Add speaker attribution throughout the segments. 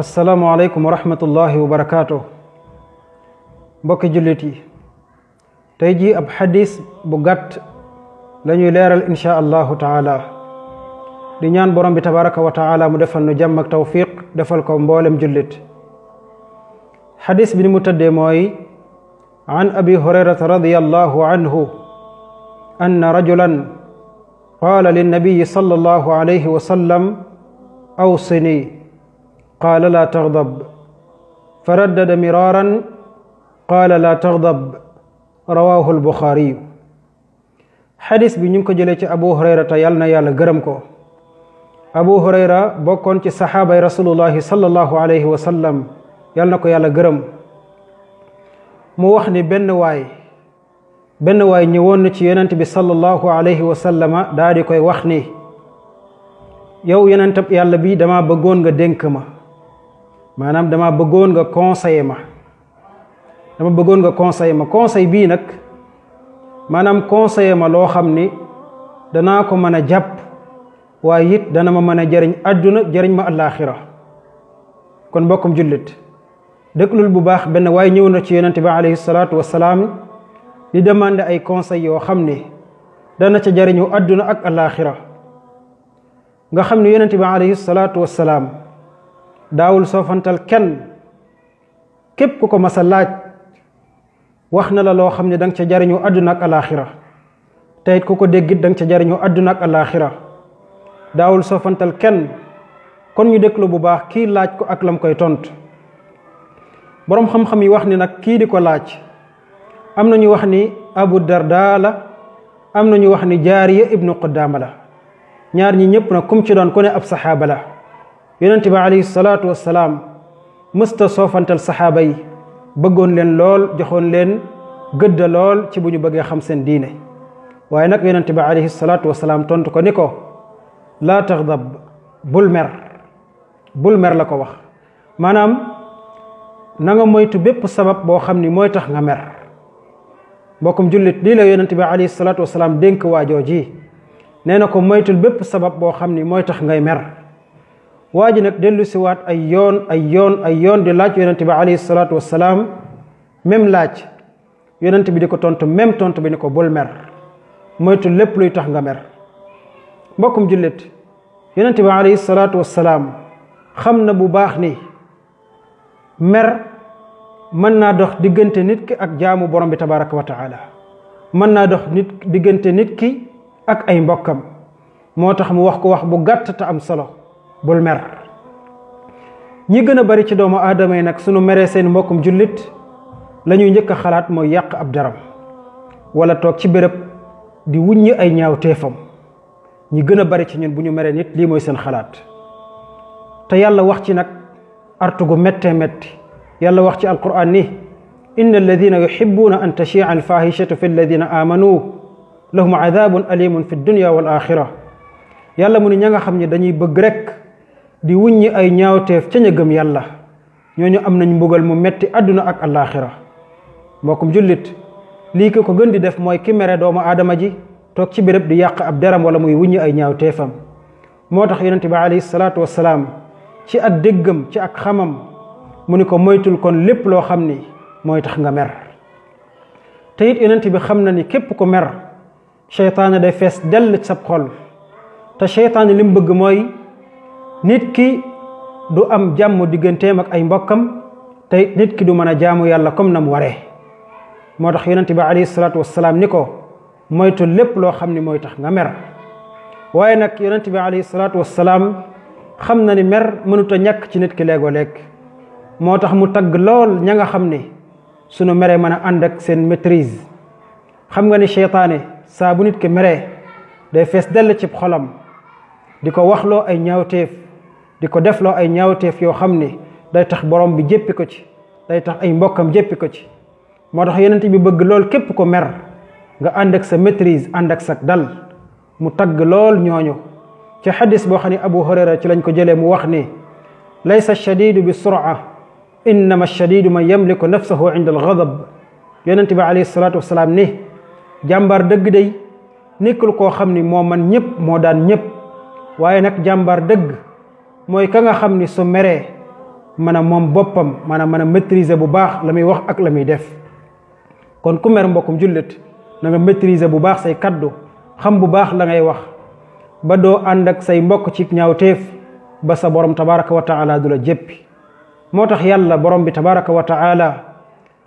Speaker 1: asalaamualeykum wa rahmatullahi wa barakaatu mbokki jullit yi tey jii ab xadis bu gat la leeral insha allahu taala di ñaan borom bi tabaraka wa taala mu defal nu jàmm ak defal ko mboolem jullit xadis bi ni mu mooy an abi hurayrata radiyallahu anhu anna rajulan qaala linnabiyi sallallahu alayhi wa sallam awsini qaala laa taxdab fa raddada miraaran qaala laa taxdab rawaahu albuxaariyu xadis bi ñu ngi ko jëlee ci abu hurayra te na yàlla gërëm ko abu hurayra bokkoon ci saxaabay rasulullahi sallallahu alayhi wa sallam yàlla na ko yàlla gërëm mu wax ni benn waay benn waay ñëwoon na ci yonent bi sallallahu alayhi wa sallama daa koy wax ni yow yonentab yàlla bi dama bëggoon nga dénk ma maanaam dama bëggoon nga conseiller ma dama bëggoon nga conseil ma conseil bii nag maanaam conseiller ma loo xam ni danaa ko mën a jàpp waaye it dana ma mën a jariñ àdduna jariñ ma àllaaxira kon mbokkum jullit déglul bu baax benn waaye ñëw na ci yonente bi alayhi salaatu wasalaam di demandé ay conseil yoo xam ni dana ca jariñu àdduna ak àllaaxira nga xam ni yonente bi alayhi salaatu wasalaam daawul soofantal kenn képp ku ko masa laaj wax na la loo xam ne da nga ca jariñu àdduna ak alaaxira te ku ko déggit da nga ca jariñu àdduna ak alaaxira daawul soofantal kenn kon ñu déglu bu baax kii laaj ko ak lam koy tontu boroom xam-xam yi wax ni nag kii di ko laaj am na ñu wax ni abu dar daala am na ñu wax ni jaariya ibnu quddaama la ñaar ñi ñëpp nag kum ci doon ku ne ab saxaaba la yonente bi alayhi salaatu wasalaam mësta soofantal saxaaba yi bëggoon leen lool joxoon leen gëdda lool ci bu ñu bëggee xam seen diine waaye nag yonente bi alayhi salaatu salaam tontu ko ni ko laa taxdab bul mer bul mer la ko wax maanaam nanga moytu bépp sabab boo xam ni mooy tax nga mer mbokkum jullit lii la yonente bi alayhi salaatu salaam dénk waajoo ji nee na ko moytul bépp sabab boo xam ni mooy tax ngay mer waa ji nag dellu siwaat ay yoon ay yoon ay yoon di laaj yonent bi alayhi salaatu salaam même laaj yonent bi di ko tontu même tontu bi ni ko bul mer moytu lépp luy tax nga mer mbokkum jullit yonent bi alayhi salaatu salaam xam na bu baax ni mer mën naa dox diggante nit ki ak jaamu borom bi tabaraka wa taala mën naa dox nit diggante nit ki ak ay mbokkam moo tax mu wax ko wax bu gàtt te am solo bul mer ñi gën a bari ci doomu aadama yi nag suñu meree seen mbokkum jullit la ñuy njëkk a xalaat mooy yàq ab daram wala toog ci bërëb di wuññi ay ñaaw teefam ñi gën a bari ci ñun bu ñu meree nit lii mooy seen xalaat te yàlla wax ci nag artu gu mett métti yàlla wax ci alquran ni inna alladina yuhibbuna an tachia alfahishatu fi alladina amanu lahum adabun alimun fi dunya wal axira yàlla mu ni ña nga xam ne dañuy bëgg rek di wuññi ay ñaawteef ca ña gëm yàlla ñooñu am nañ mbugal mu metti àdduna ak allaaxira mbokkum jullit lii ko ko gën di def mooy ki mere doomu aadama ji toog ci béréb di yàq ab deram wala muy wuññi ay ñaawteefam moo tax yonente bi alayhi salaatu wasalaam ci at déggam ci ak xamam mu ni ko moytul kon lépp loo xam ni mooy tax nga mer te it bi xam na ni képp ko mer seytaane day fees dell sab xol te seytaane li bëgg mooy nit ki du am jàmm digganteem ak ay mbokkam te nit ki du mën a jaamu yàlla comme na mu waree moo tax yonente bi alayhi salaatu wasalaam ni ko moytu lépp loo xam ni mooy tax nga mer waaye nag yonente bi alayhi salaatu wasalaam xam na ni mer mënut a ñàkk ci nit ki léegoo léeg moo tax mu tagg lool ña nga xam ni sunu meree mën a ànd ak seen maîtrise xam nga ni seytaane saa bu nit ki meree day fees dell ci xolam di ko waxloo ay ñaawteef di ko defloo ay ñaawteef yoo xam ne day tax borom bi jéppi ko ci day tax ay mbokkam jéppi ko ci moo tax yonent bi bëgg lool képp ko mer nga ànd ak sa maîtrise ànd ak sa dal mu tagg lool ñooñu ci xadis boo xam ne abu hurayra ci lañ ko jëlee mu wax ni laysa shadidu bi sur'a innama shadidu man yamliku nafsahu inda alghadab yonent bi alayhi salaatu wasalaam ni jàmbaar dëgg day nekkul koo xam ni moo man ñëpp moo daan ñëpp waaye nag jàmbaar dëgg mooy ka nga xam ni su meree mën moom boppam maanaam mën a maîtriser bu baax la muy wax ak la muy def kon ku mer mbokkum jullit na nga maîtriser bu baax say kaddu xam bu baax la ngay wax ba doo ànd ak say mbokk ci ñaawteef ba sa borom tabaraka wa taala du la jéppi moo tax yàlla borom bi tabaraka wa taala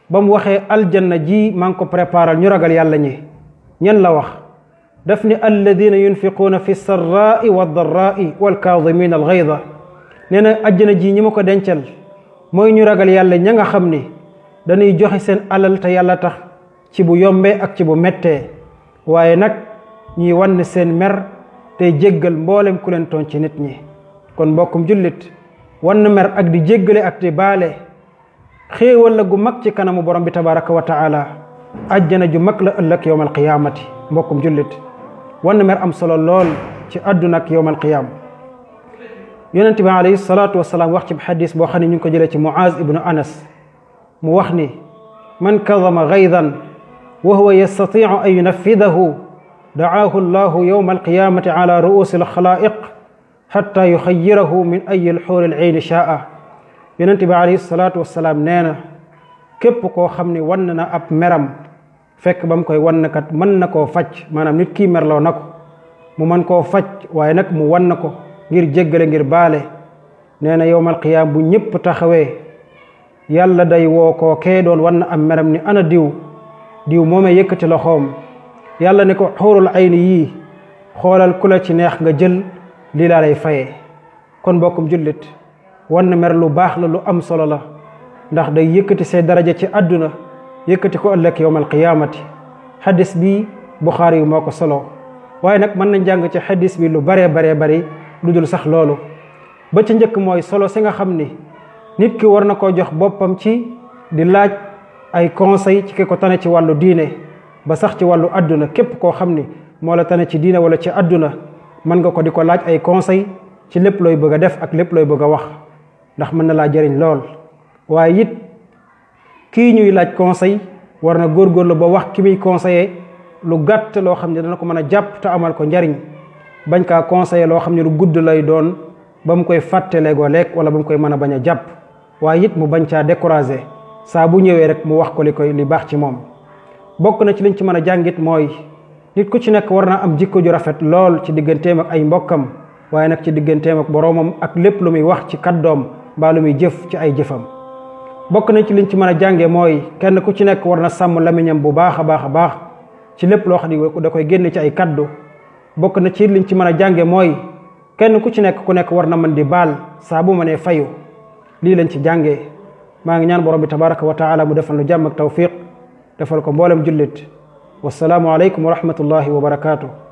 Speaker 1: ba mu waxee aljanna ji maa ngi ko préparal ñu ragal yàlla ñi ñen la wax daf ni alladina yunfiquuna fi sarraai wa darraai walkaadimina alxayda nee na àjjana ji ñi ma ko denceel mooy ñu ragal yàlla ña nga xam ni dañuy joxe seen alal te yàlla tax ci bu yombee ak ci bu mettee waaye nag ñuy wann seen mer tey jéggal mboolem ku leen ci nit ñi kon mbokkum jullit wann mer ak di jéggale ak di baale xéewal la gu mag ci kanamu borom bi tabaraka wa taala àjjana ju mag la ëllëg yowmal qiyaamati mbokkum jullit wann mer am solo lool ci àdduna ak yowm alqiyaama yonente bi alayhi salaatu wasalaam wax ci xadis boo xam ne ñu ngi ko jëlee ci muaz ibnu anas mu wax ni man kadama gaydan wa huwa yastatiu an yunafidahu dacaahu llahu yowma alqiyaamati ala ruusi alxalaa'iq xatta yuxayirahu min ayi lxuuri alcayni shaa yonente bi alayhi salaatu wasalaam nee na képp koo xam ne wann na ab meram fekk ba mu koy wan na kat mën na koo faj maanaam nit kii merloo na ko mu man koo faj waaye nag mu wan na ko ngir jéggale ngir baale nee na yowmal qiyaam bu ñëpp taxawee yàlla day woo ko kee doon wan na am meram ni ana diw diw moomee yëkkati loxoom yàlla ne ko xóorul ayni yii xoolal ku la ci neex nga jël lii laa lay faye kon bokkum jullit wan na mer lu baax la lu am solo la ndax day yëkkati see daraja ci àdduna yëkkati ko ëllëg yowmal qiyaamati xadis bi buxaari yi moo ko solo waaye nag mën na jàng ci xadis bi lu baree baree bari lu dul sax loolu ba ca njëkk mooy solo si nga xam ni nit ki war na koo jox boppam ci di laaj ay conseil ci ki ko tane ci wàllu diine ba sax ci wàllu àdduna képp koo xam ni moo la tane ci diine wala ci àdduna mën nga ko di ko laaj ay conseil ci lépp looy bëgg a def ak lépp looy bëgg a wax ndax mën na laa jëriñ lool waaye it kii ñuy laaj conseil war na góorgóorlu ba wax ki muy conseiller lu gàtt loo xam ne dana ko mën a jàpp te amal ko njariñ bañ kaa conseiller loo xam ne lu gudd lay doon ba mu koy fàtte léegoo lekk wala ba mu koy mën a bañ a jàpp waaye it mu bañ caa découragé saa bu ñëwee rek mu wax ko li koy li baax ci moom bokk na ci liñ ci mën a jàngit mooy nit ku ci nekk war naa am jikko ju rafet lool ci digganteem ak ay mbokkam waaye nag ci digganteem ak boroomam ak lépp lu muy wax ci kàddoom mbaa lu muy jëf ci ay jëfam bokk na ci liñ ci mën a jànge mooy kenn ku ci nekk war na sàmm lamiñam bu baax a baax a baax ci lépp loo xam ne da koy génne ci ay kaddu bokk na ci liñ ci mën a jànge mooy kenn ku ci nekk ku nekk war na mën di baal saa bu mënee fayu lii lañ ci jàngee maa ngi ñaan borom bi tabaraka wa taala mu defal nu jàmm ak tawfiq defal ko mboolem jullit wasalaamu aleykum wa rahmatullahi wa barakaatu.